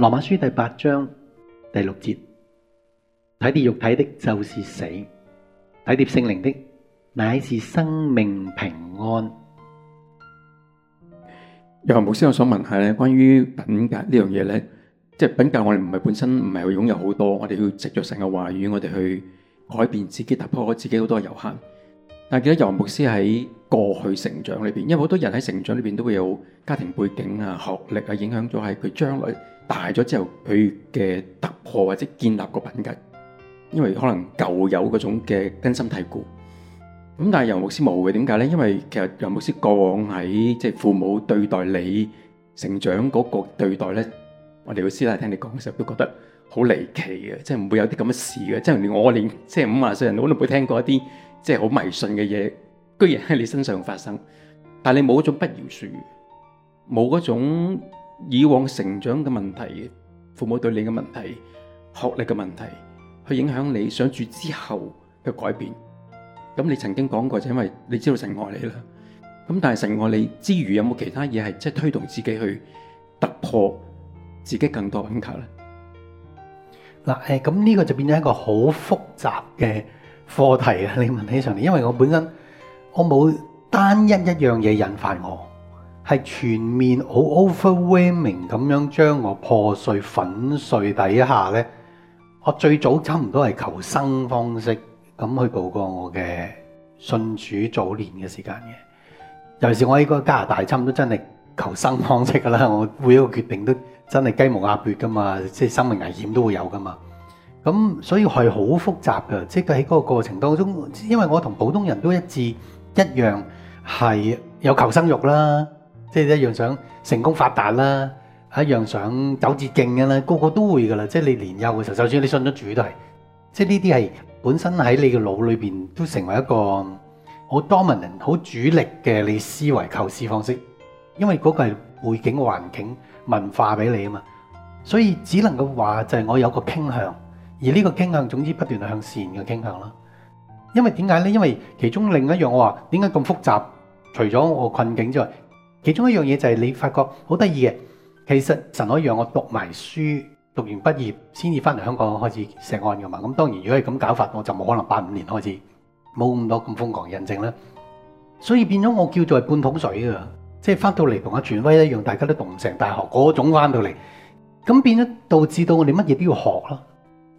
羅馬書第八章第六節，體貼肉體的，就是死；體貼聖靈的，乃是生命平安。又牧師，我想問下咧，關於品格呢樣嘢呢？即係品格，我哋唔係本身唔係擁有好多，我哋要藉着神嘅話語，我哋去改變自己，突破我自己好多嘅有限。但係記得，楊牧師喺過去成長裏邊，因為好多人喺成長裏邊都會有家庭背景啊、學歷啊，影響咗係佢將來大咗之後佢嘅突破或者建立個品格。因為可能舊有嗰種嘅根深蒂固。咁但係梁牧師冇嘅，點解咧？因為其實梁牧師過往喺即係父母對待你成長嗰個對待咧，我哋老師聽你講嘅時候都覺得好離奇嘅，即係唔會有啲咁嘅事嘅。即係我連即係五十歲人都冇聽過一啲即係好迷信嘅嘢。居然喺你身上發生，但你冇一種不饒恕，冇嗰種以往成長嘅問題，父母對你嘅問題、學歷嘅問題，去影響你想住之後嘅改變。咁你曾經講過就因為你知道神愛你啦，咁但係神愛你之餘，有冇其他嘢係即係推動自己去突破自己更多品格咧？嗱，誒，咁呢個就變咗一個好複雜嘅課題啊！你問起上嚟，因為我本身。我冇單一一樣嘢引發我，係全面好 overwhelming 咁樣將我破碎粉碎底下咧。我最早差唔多係求生方式咁去度過我嘅信主早年嘅時間嘅。尤其是我喺個加拿大，差唔多真係求生方式噶啦。我每一個決定都真係雞毛鴨血噶嘛，即係生命危險都會有噶嘛。咁所以係好複雜㗎。即係喺嗰個過程當中，因為我同普通人都一致。一樣係有求生慾啦，即係一樣想成功發達啦，一樣想走捷徑嘅啦，個個都會噶啦。即係你年幼嘅時候，就算你信咗主都係，即係呢啲係本身喺你嘅腦裏邊都成為一個好 dominant、好主力嘅你思維構思方式，因為嗰個係背景環境文化俾你啊嘛，所以只能夠話就係我有個傾向，而呢個傾向總之不斷向善嘅傾向啦。因為點解呢？因為其中另一樣我話點解咁複雜？除咗我困境之外，其中一樣嘢就係你發覺好得意嘅，其實神可以讓我讀埋書，讀完畢業先至翻嚟香港開始石案噶嘛。咁當然如果係咁搞法，我就冇可能八五年開始，冇咁多咁瘋狂印證啦。所以變咗我叫做半桶水啊！即係翻到嚟同阿傳威一樣，大家都讀唔成大學嗰種翻到嚟，咁變咗導致到我哋乜嘢都要學咯。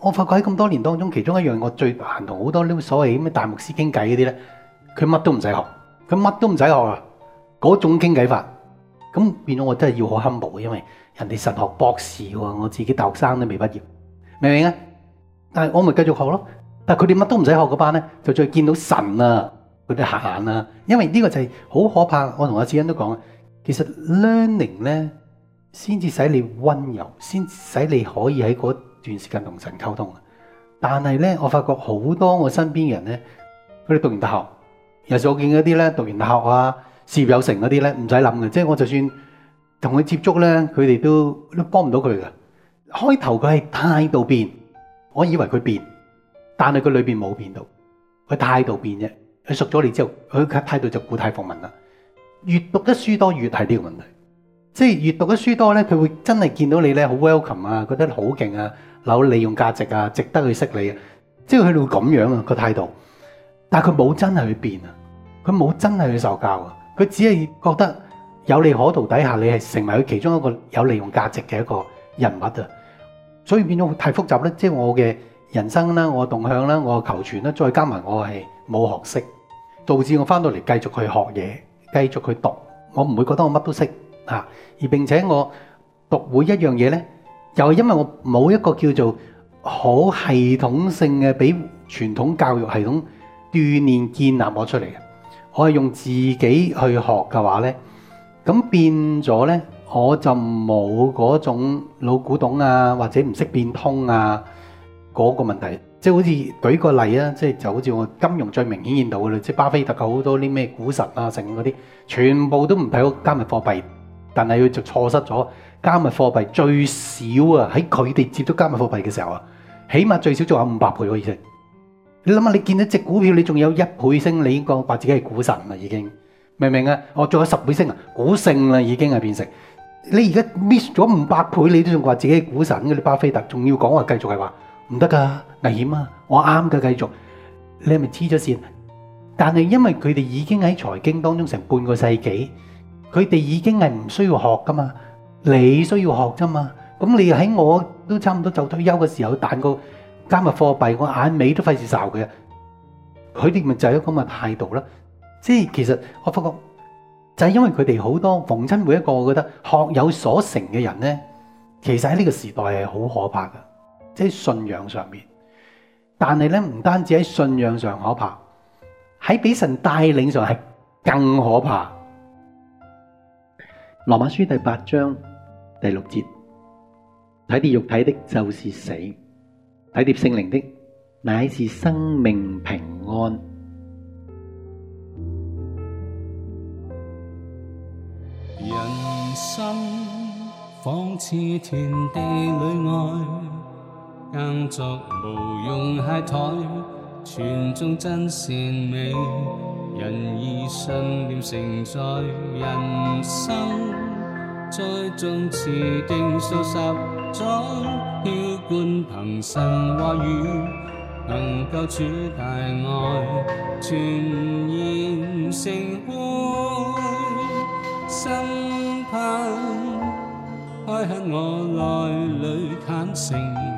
我發覺喺咁多年當中，其中一樣我最難同好多呢所謂咁大牧師傾偈嗰啲咧，佢乜都唔使學，佢乜都唔使學啊！嗰種傾偈法，咁變咗，我真係要好 humble，因為人哋神學博士喎，我自己大學生都未畢業，明唔明啊？但係我咪繼續學咯。但係佢哋乜都唔使學嗰班咧，就再見到神啊，佢哋行啊，因為呢個就係好可怕。我同阿志欣都講啊，其實 learning 咧先至使你溫柔，先使你可以喺嗰段時間同神溝通，但係咧，我發覺好多我身邊人咧，佢哋讀完大學，尤其我見嗰啲咧讀完大學啊事業有成嗰啲咧，唔使諗嘅，即係我就算同佢接觸咧，佢哋都都幫唔到佢嘅。開頭佢係態度變，我以為佢變，但係佢裏邊冇變到，佢態度變啫。佢熟咗你之後，佢態度就固態服民啦。越讀得書越多，越係呢個問題。即係閱讀嘅書多咧，佢會真係見到你咧，好 welcome 啊，覺得好勁啊，有利用價值啊，值得去識你啊。即係佢會咁樣啊個態度，但係佢冇真係去變啊，佢冇真係去受教啊，佢只係覺得有利可圖底下，你係成為佢其中一個有利用價值嘅一個人物啊。所以變咗太複雜咧。即係我嘅人生啦，我嘅動向啦，我嘅求全啦，再加埋我係冇學識，導致我翻到嚟繼續去學嘢，繼續去讀，我唔會覺得我乜都識。啊！而並且我讀會一樣嘢咧，又係因為我冇一個叫做好系統性嘅，比傳統教育系統鍛鍊建立我出嚟嘅。我係用自己去學嘅話咧，咁變咗咧，我就冇嗰種老古董啊，或者唔識變通啊嗰個問題。即係好似舉個例啊，即係就好似我金融最明顯見到嘅啦，即係巴菲特好多啲咩股神啊，成嗰啲全部都唔睇好加密貨幣。但係佢就錯失咗加密貨幣最少啊！喺佢哋接咗加密貨幣嘅時候啊，起碼最少仲有五百倍可以食。你諗下，你見到隻股票你仲有一倍升，你已經話自己係股神啦，已經明唔明啊？我、哦、仲有十倍升啊，股性啦已經啊，變成你而家 miss 咗五百倍，你都仲話自己係股神嘅，巴菲特仲要講話繼續係話唔得噶，危險啊！我啱嘅繼續你係咪黐咗線？但係因為佢哋已經喺財經當中成半個世紀。佢哋已經係唔需要學噶嘛，你需要學啫嘛。咁你喺我都差唔多就退休嘅時候，彈個加密貨幣我眼尾都費事受佢啊。佢哋咪就係一個咁嘅態度啦。即係其實我發覺，就係因為佢哋好多逢親每一個我覺得學有所成嘅人咧，其實喺呢個時代係好可怕嘅，即係信仰上面。但係咧，唔單止喺信仰上可怕，喺俾神帶領上係更可怕。羅馬書第八章第六節：體貼肉體的，就是死；體貼聖靈的，乃是生命平安。人生仿似田地裏外，耕作無用歇台，全種真善美，仁義信念成在人生，栽種持定數十種，要觀憑神話語，能夠處大愛，全然聖光，心盼開墾我內裏坦誠。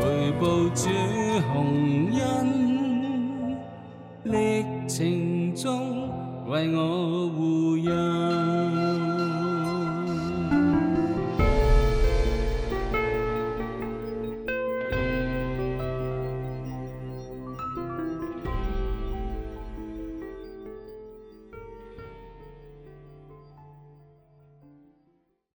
回報主洪恩，歷程中為我護蔭。